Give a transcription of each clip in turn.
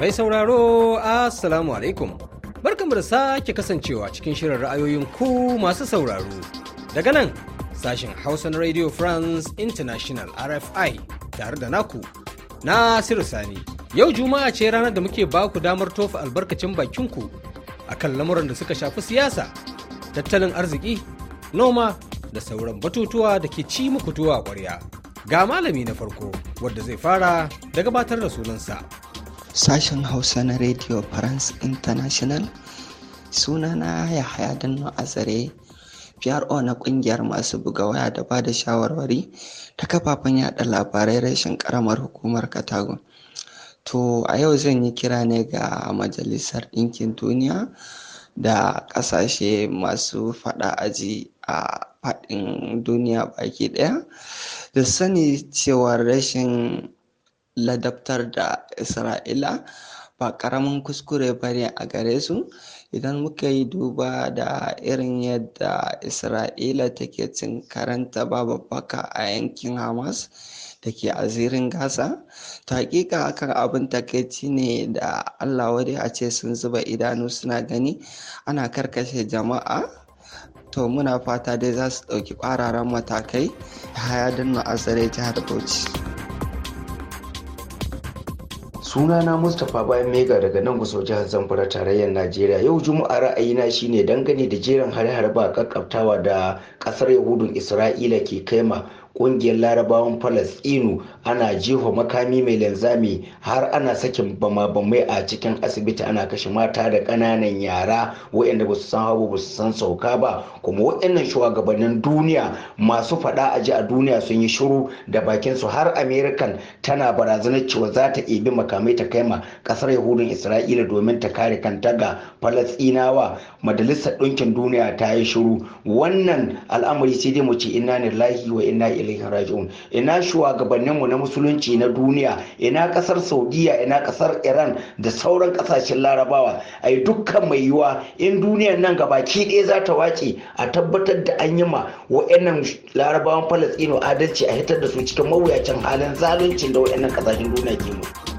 Mai sauraro Assalamu alaikum. Barkanmu da sake kasancewa cikin shirin ra'ayoyin ku masu sauraro. Daga nan sashen Hausa na Radio France International RFI tare da naku Nasiru Sani. Yau Juma'a ce ranar da muke baku damar tofa albarkacin bakinku akan lamuran da suka shafi siyasa, tattalin arziki, noma da sauran batutuwa da ke ci muku tuwa ƙwarya. Ga malami na farko wadda zai fara da gabatar da sunansa. Sashen Hausa na Radio France International sunana ya haya danno azare PRO na kungiyar masu buga waya da ba da shawarwari ta kafafen yada labarai rashin karamar hukumar Katago. To a yau zan yi kira ne ga Majalisar Ɗinkin Duniya da ƙasashe masu faɗa aji a faɗin duniya baki ɗaya da sani cewa rashin ladabtar da isra'ila ba ƙaramin kuskure ba ne a gare su idan muka yi duba da irin yadda isra'ila take cin karanta babu baka a yankin hamas da ke a zirin gaza ta hakika hakan abin takaici ne da allah wadai a ce sun zuba idanu suna gani ana karkashe jama'a to muna fata dai za su ɗauki ƙwararan matakai ya danna azare jihar bauchi sunana mustapha bayan mega daga nan gusau jihar zamfara tarayyar najeriya yau juma'a ra'ayina shine dangane da jerin hare-hare ba kakkaftawa da kasar yahudun isra'ila ke kaima Ƙungiyar larabawan falasɗinu ana jefa makami mai linzami har ana sakin bama-bamai a cikin asibiti ana kashe mata da ƙananan yara waɗanda ba su san hagu ba su san sauka ba kuma waɗannan shugabannin duniya masu faɗa a ji a duniya sun yi shiru da bakin su har american tana barazanar cewa za ta ebi makamai ta kai ma ƙasar yahudun isra'ila domin ta kare kanta ga falasɗinawa majalisar ɗinkin duniya ta yi shiru wannan al'amari sai dai mu ce inna lahi wa inna ilaihin raji'un ina mu na musulunci na duniya ina kasar saudiya ina kasar iran da sauran kasashen larabawa ai dukkan mai yiwa in duniyar nan gaba ki ɗaya za ta waki a tabbatar da an yi ma wa'annan larabawan falastino adalci a hitar da su cikin mawuyacin halin zaluncin da wa'annan kasashen duniya ke mu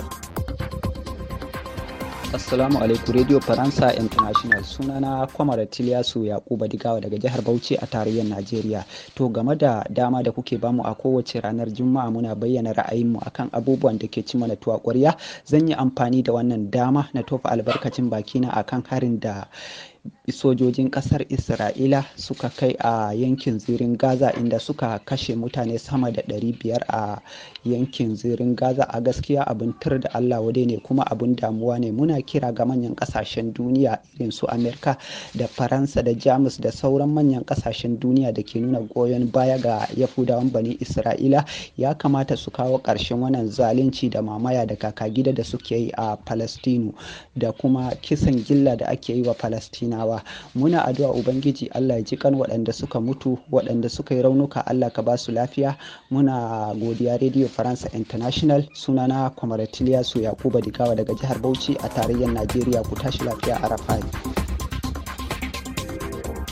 Assalamu alaikum Radio Faransa International sunana Kwamara Tiliyasu Yakuba Digawa daga jihar Bauchi a tarayyar Najeriya. To game da dama da kuke bamu a kowace ranar Juma'a muna bayyana ra'ayinmu akan abubuwan da ke ci mana tuwa ƙwarya. Zan yi amfani da wannan dama na tofa albarkacin bakina akan harin da sojojin kasar isra'ila suka kai a yankin zirin gaza inda suka kashe mutane sama da 500 a yankin zirin gaza a gaskiya abin tur da allah wade ne kuma abin damuwa ne muna kira ga manyan kasashen duniya irin su amerika da faransa da jamus da sauran manyan kasashen duniya da ke nuna goyon baya ga yahudawan bani isra'ila ya kamata su kawo ƙarshen wannan zalunci da mamaya da kaka gida da suke yi a palestinu da kuma kisan gilla da ake yi wa palestinawa karantawa muna addu'a ubangiji Allah ya ji kan waɗanda suka mutu waɗanda suka yi raunuka Allah ka ba su lafiya muna godiya Radio France International sunana Kwamaratiliya su Yakuba Dikawa daga jihar Bauchi a tarayyar Najeriya ku tashi lafiya a Rafai.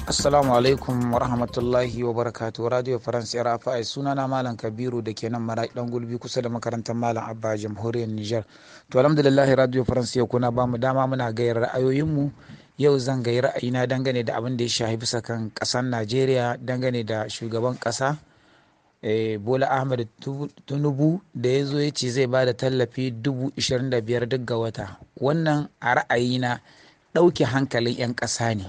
Assalamu alaikum wa rahmatullahi wa barakatuh Radio France RFI sunana Malam Kabiru da ke nan maraƙi dan gulbi kusa da makarantar Malam Abba jamhuriyar Nijar. To alhamdulillah Radio France ya kuna ba mu dama muna gayar ra'ayoyinmu yau zan gayi ra'ayina dangane da abin da ya shahi bisa kan ƙasar najeriya dangane da shugaban ƙasa eh, bola ahmed tinubu da ya zo ya ce zai ba da tallafi 25,000 duk ga wata wannan a ra'ayina ɗauke hankalin 'yan ƙasa ne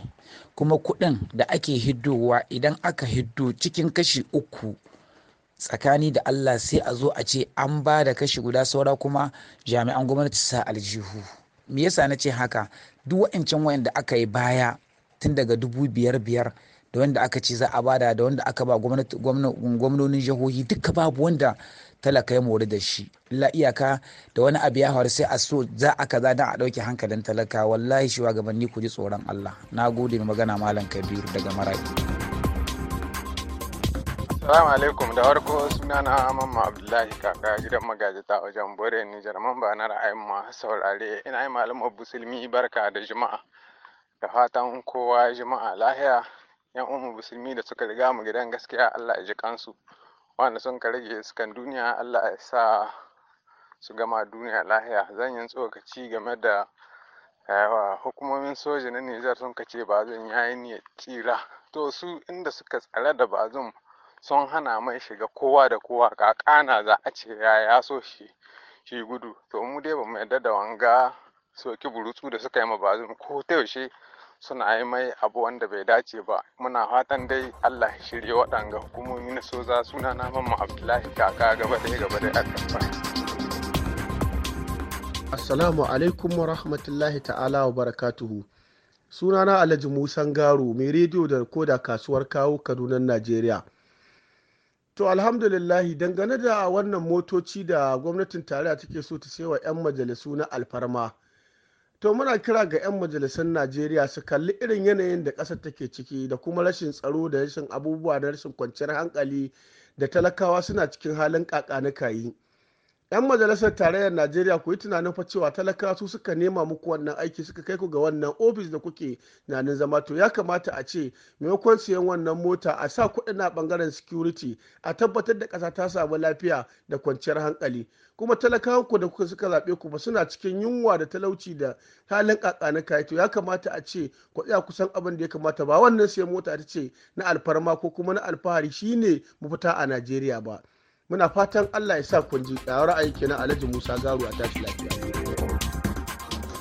kuma kuɗin da ake hiddowa idan aka hiddo cikin kashi uku tsakani da allah sai a zo a ce an ba da kashi guda saura kuma jami'an gwamnati sa aljihu me yasa na ce haka duk wa'ancan wayanda aka yi baya tun daga dubu biyar biyar da wanda aka ce za a bada da wanda aka ba gwamnonin jihohi duka babu wanda talaka ya mori da shi la iyaka da wani abu ya faru sai a so za a kaza don a ɗauke hankalin talaka wallahi gabanni ku ji tsoron allah na gode mai magana malam kabiru daga marayu Assalamu alaikum da warko suna na mamma Abdullahi kaka gidan magajita wajen bore Nijar man ba na ra'ayin ma saurare ina yi malam Musulmi barka da juma'a da fatan kowa juma'a lahiya yan umu musulmi da suka riga mu gidan gaskiya Allah ya ji kansu wanda sun ka rage sukan duniya Allah ya sa su gama duniya lahiya zan yi tsokaci game da eh, hukumomin soja na Nijar sun ka ce ba zan yayi niyyar tsira to su inda suka tsare da bazum sun hana mai shiga kowa da kowa kana za a ce ya ya so shi shi gudu to mu dai ba mu yarda da wanga soki burutsu da suka yi ma bazin ko ta yaushe suna yi mai abu wanda bai dace ba muna fatan dai allah ya shirya waɗanga hukumomi na soza suna na mamma abdullahi kaka gaba ɗaya gaba ɗaya a Assalamu alaikum wa rahmatullahi ta'ala wa barakatuhu. Sunana Alhaji Musan Garo, mai rediyo da koda kasuwar kawo Kaduna Najeriya. To alhamdulillahi dangane da wannan motoci da gwamnatin tarayya take so ta wa 'yan majalisu na alfarma. To muna kira ga 'yan majalisun Najeriya su kalli irin yanayin da ƙasar take ciki da kuma rashin tsaro da rashin abubuwa da rashin kwanciyar hankali da talakawa suna cikin halin yi. 'yan majalisar tarayyar najeriya ku yi tunanin fa cewa talakawa su suka nema muku wannan aiki suka kai ku ga wannan ofis da kuke nanin zama to ya kamata a ce maimakon siyan wannan mota a sa kuɗin a bangaren security a tabbatar da ƙasa ta samu lafiya da kwanciyar hankali kuma talakawan ku da kuka suka zaɓe ku ba suna cikin yunwa da talauci da halin kakana kai to ya kamata a ce ku tsaya kusan abin da ya kamata ba wannan siyan mota ta ce na alfarma ko kuma na alfahari shine mafita a najeriya ba muna fatan allah ya sa kun ji ra'ayi kenan alhaji musa garu a tashi lafiya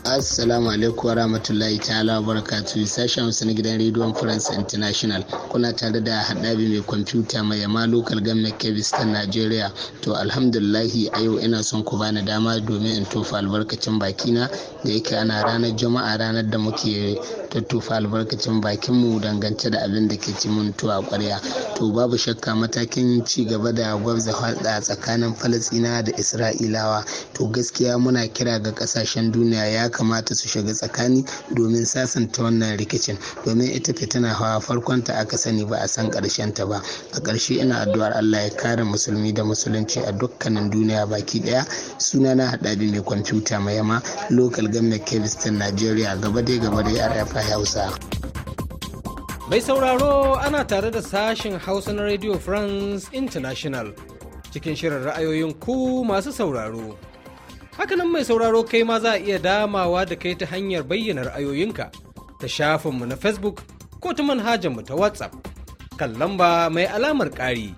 Assalamu alaikum wa rahmatullahi ta'ala wa barakatu sashen wasu na gidan Radio France International kuna tare da haɗabi mai kwamfuta mai yamma local government kebis ta Najeriya to alhamdulillahi a yau ina son ku bani dama domin in tofa albarkacin bakina da yake ana ranar juma'a ranar da muke tattofa albarkacin mu dangance da abin da ke ci tuwa kwarya to babu shakka matakin ci gaba da gwabza hulɗa tsakanin falasina da isra'ilawa to gaskiya muna kira ga kasashen duniya ya kamata su shiga tsakani domin sasanta wannan rikicin domin ita tana hawa farkon ta aka sani ba a san karshen ta ba a ƙarshe ina addu'ar allah ya kare musulmi da musulunci a dukkanin duniya baki ɗaya sunana haɗari mai kwamfuta mai yama local government kebis kebistan nigeria gaba dai gaba dai rfi na Hausa. Mai sauraro ana tare da sashen Hausa na Radio France International cikin shirin ra'ayoyin ku masu sauraro. Hakanan mai sauraro kai ma za a iya damawa da kai ta hanyar bayyana ra'ayoyinka ta shafinmu na Facebook ko ta manhajarmu ta WhatsApp kan lamba mai alamar ƙari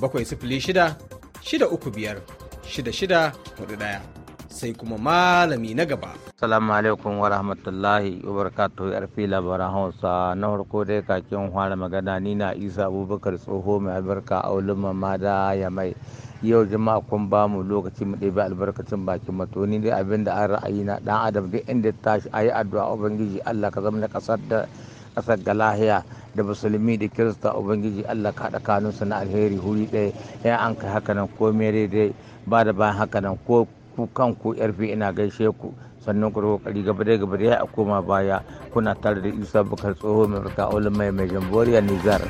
bakwai sifili shida shida uku biyar shida shida hudu ɗaya. sai kuma malami na gaba. Salamu alaikum wa rahmatullahi wa ya yarfi labaran Hausa na farko dai kakin fara magana ni na Isa Abubakar tsoho mai albarka a wulin mamada ya mai yau jama'a kun ba mu lokaci mu ɗebi albarkacin bakin mato ni dai abin da an ra'ayi na ɗan adam duk inda tashi yi addu'a ubangiji Allah ka zama na ƙasar da kasar ga lahiya da musulmi da kirista ubangiji allah ka haɗa kanunsa na alheri huri ɗaya ya an kai haka nan ko mere dai ba da bayan haka nan ko ku kanku yarfe ina gaishe ku sannan ku kokari gaba da gaba da a koma baya kuna tare da isa bukar tsoho mai fita mai mai jamboriya nijar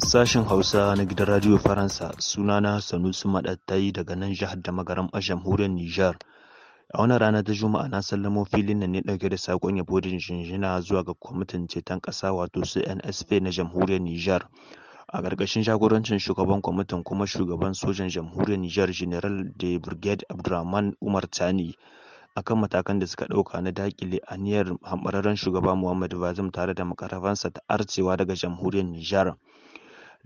sashen hausa na gidan radio faransa sunana ta yi daga nan jihar da magaram a jamhuriyar nijar a wani rana ta juma'a na sallamo filin nan ne ɗauke da sakon ya da jinjina zuwa ga kwamitin ceton ƙasa wato cnsp na jamhuriyar nijar a ƙarƙashin jagorancin shugaban kwamitin kuma shugaban sojan jamhuriyar Nijar General da Brigade Abdurrahman Umar Tani akan matakan da suka ɗauka na daƙile aniyar hamɓararren shugaba Muhammadu Bazum tare da makarafansa ta arcewa daga jamhuriyar Nijar.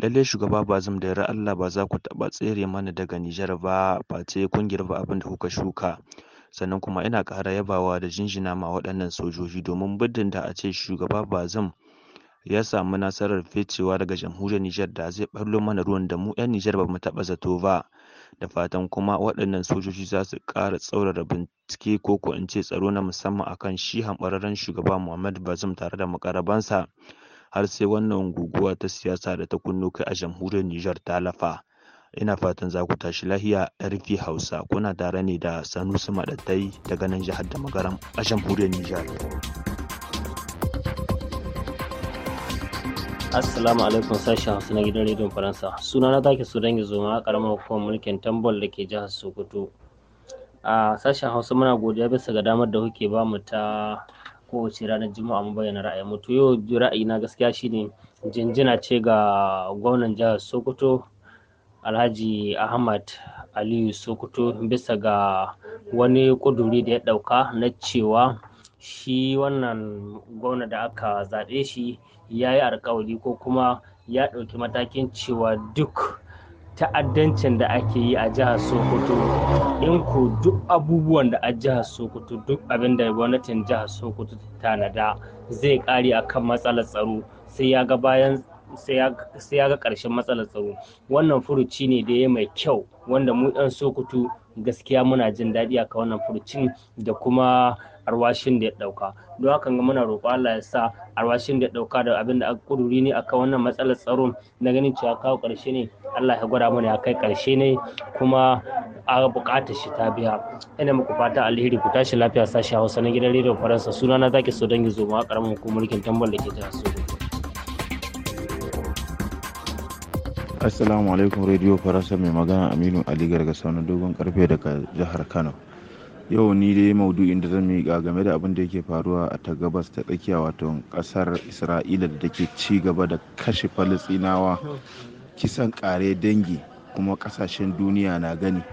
lallai shugaba bazum da yarda Allah ba za ku taɓa tsere mana daga Nijar ba ba face kun girba abin da kuka shuka sannan kuma ina ƙara yabawa da jinjina ma waɗannan sojoji domin muddin da a ce shugaba bazum ya samu nasarar ficewa daga jamhuriyar Nijar da zai ɓallo mana ruwan da mu 'yan Nijar ba mu taɓa zato ba. Da fatan kuma waɗannan sojoji za su ƙara tsaurara bincike ko ko in ce tsaro na musamman akan shi hamɓararren shugaba Muhammad Bazoum tare da makarabansa har sai wannan guguwa ta siyasa da ta kunno kai a jamhuriyar Nijar ta lafa. Ina fatan za ku tashi lahiya RP Hausa kuna tare ne da Sanusi Maɗattai daga nan jihar da magaram a jamhuriyar Nijar. Assalamu alaikum sashen Hausa na gidan rediyon Faransa. Suna na take su dangi zoma a karamar hukumar mulkin Tambol da ke jihar Sokoto. A sashen Hausa muna godiya bisa ga damar da kuke ba mu ta kowace ranar Juma'a mu bayyana ra'ayi. mu. To yau ra'ayi na gaskiya shine jinjina ce ga gwamnan jihar Sokoto Alhaji Ahmad Aliyu Sokoto bisa ga wani kuduri da ya ɗauka na cewa shi wannan gwamna da aka zaɓe shi ya yi alkawari ko kuma ya ɗauki matakin cewa duk ta'addancin da ake yi a jihar sokoto in ko duk abubuwan da a jihar sokoto duk abin da gwamnatin jihar sokoto ta tanada zai ƙare akan matsalar tsaro sai ya ga bayan sai ya ga ƙarshen matsalar tsaro wannan furuci ne da ya mai kyau wanda mu 'yan sokoto gaskiya muna jin daɗi kan wannan furucin da kuma arwashin da ya dauka don haka muna roƙo Allah ya sa arwashin da ya dauka da abin da aka kuduri ne akan wannan matsalar tsaron na ganin cewa kawo ƙarshe ne Allah ya gwada mana ya kai karshe ne kuma a buƙatar shi ta biya ina muku fata alheri ku tashi lafiya sashi Hausa na gidan Radio Faransa suna na zaki so dangi zo ma karamin hukumar mulkin tambal da ke ta so assalamu alaikum radio faransa mai magana aminu ali gargasa na dogon karfe daga jihar kano Yau ni dai maudu'in da zan miƙa game da abin da yake faruwa a ta gabas ta tsakiya wato ƙasar Isra'ila da take ci gaba da kashe falastinawa kisan ƙare dangi kuma ƙasashen duniya na gani.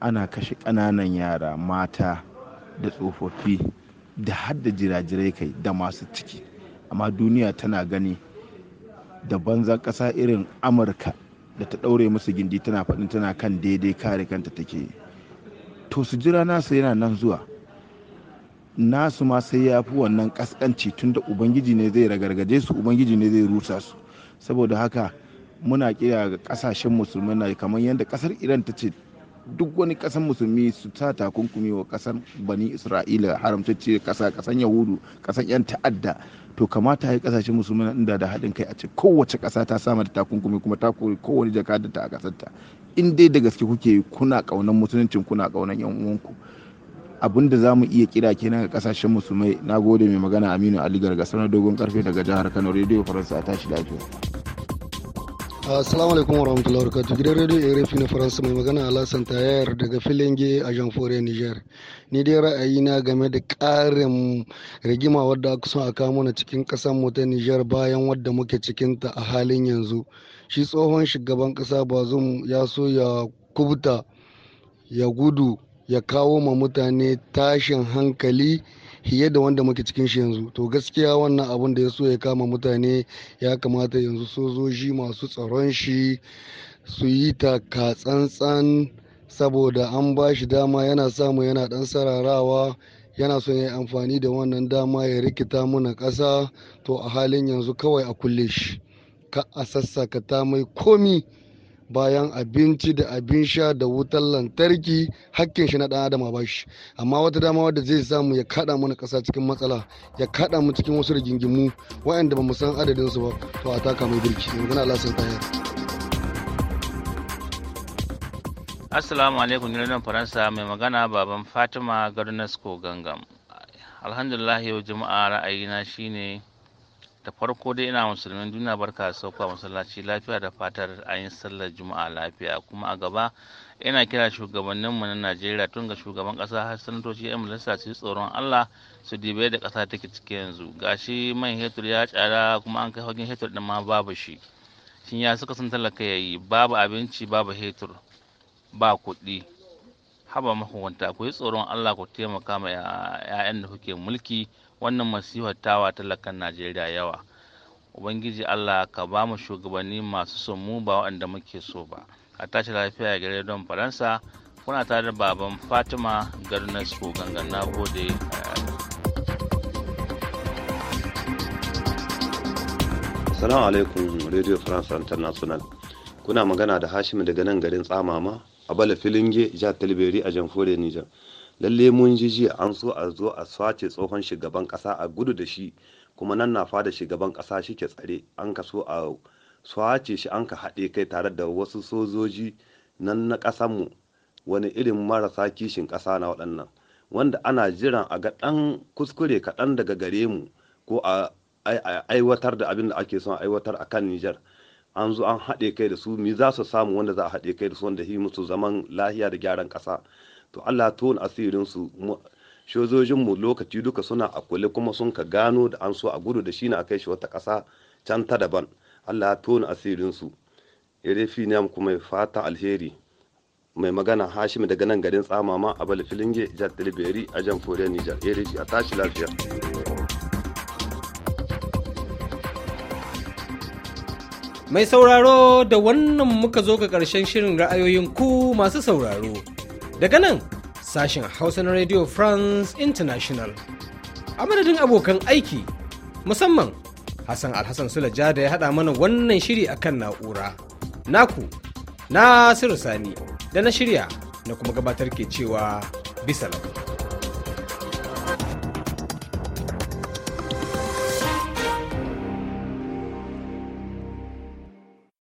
Ana kashe ƙananan yara, mata da tsofaffi da har da jirajirai kai da masu ciki. Amma duniya tana gani da banza ƙasa irin Amurka da ta ɗaure musu gindi tana faɗin tana kan daidai kare kanta take yi. to su jira nasu yana nan zuwa nasu ma sai ya fi wannan kaskanci tunda ubangiji ne zai ragargaje su ubangiji ne zai rusa su saboda haka muna kira ga kasashen musulmai na kamar yadda kasar iran ta ce duk wani kasan musulmi su ta takunkumi wa kasar bani isra'ila haramtacce kasa kasan yahudu kasan yan ta'adda to kamata ya kasashen musulmi na inda da haɗin kai a ce kowace kasa ta samar da takunkumi kuma ta kowane ta a kasarta in dai da gaske kuke kuna kaunan musuluncin kuna kaunan yan uwanku abin da za mu iya kira kenan ga kasashen musulmai na gode mai magana aminu ali garga sanar dogon karfe daga jihar kano rediyo faransa a tashi lafiya assalamu alaikum warahmatullahi wabarakatuh gidan rediyo rfi na faransa mai magana alasan tayar daga ge a jamfore niger ni dai na game da ƙarin rigima wadda aka so a kawo mana cikin ƙasar mu ta niger bayan wadda muke cikinta a halin yanzu shi tsohon shugaban ƙasa bazum ya so ya kubuta ya gudu ya kawo ma mutane tashin hankali fiye da wanda muke cikin shi yanzu to gaskiya wannan abun da ya so ya kama mutane ya kamata yanzu sojoji masu tsaron shi su yi taka tsantsan saboda an ba shi dama yana samu yana dan sararawa yana son ya yi amfani da wannan dama ya rikita muna ƙasa to a halin yanzu kawai a kulle shi ka a sassakata mai komi bayan abinci da abin sha da wutar lantarki hakkin shi na dan adam ba shi amma wata dama wadda zai samu ya kada mana kasa cikin matsala ya kaɗa mu cikin wasu rigingimu waɗanda ba mu san adadin su ba to a taka mai birki gana Allah san tayar assalamu alaikum gidan faransa mai magana baban fatima Garnasco gangam alhamdulillah yau juma'a ra'ayina shine da farko dai ina musulmin duniya barka sauka masallaci lafiya da fatar an yi sallar juma'a lafiya kuma a gaba ina kira shugabanninmu na najeriya tun ga shugaban kasa har sanatoci yan majalisa su tsoron allah su dibe da kasa take ciki yanzu gashi man hetur ya tsada kuma an kai hokin hetur din ma babu shi shin ya suka san talaka yayi babu abinci babu hetur ba kuɗi haba mahukunta ku yi tsoron Allah ku taimaka ma 'ya'yan da kuke mulki wannan masifar tawa talakan Najeriya yawa ubangiji Allah ka ba mu shugabanni masu son mu ba waɗanda muke so ba a tashi lafiya gare don faransa kuna tare da baban fatima garnar su gangan na gode Assalamu alaikum Radio France International. Kuna magana da Hashim daga nan garin Tsamama a bala filinge ja talibiri a jamhuriyar nijar lalle mun ji jiya an so a zo a sace tsohon shugaban kasa a gudu da shi kuma nan na fada shugaban kasa shi ke tsare an ka so a sace shi an ka haɗe kai tare da wasu sojoji nan na ƙasanmu wani irin marasa kishin ƙasa na waɗannan wanda ana jiran a ga ɗan kuskure kaɗan daga gare mu ko a aiwatar da abin da ake son aiwatar a kan Nijar an zo an haɗe kai da su mi za su samu wanda za a haɗe kai da su wanda yi musu zaman lahiya da gyaran ƙasa to Allah tona asirin su mu lokaci duka suna a kulle kuma sun ka gano da an so a gudu da shi na a kai shi wata ƙasa can ta daban Allah tona asirin su irefi ne kuma fata alheri mai magana hashim daga nan garin tsamama a bala filinge jihar a jan nijar irefi a tashi lafiya Mai sauraro da wannan muka zo ga ƙarshen shirin ra'ayoyin ku masu sauraro. Daga nan sashen Hausa na Radio France International. A madadin abokan aiki musamman Hassan Alhassan Sulaja da ya haɗa mana wannan shiri akan na'ura. Naku, Nasiru Sani, da na shirya na kuma gabatar ke cewa bisa lafiya.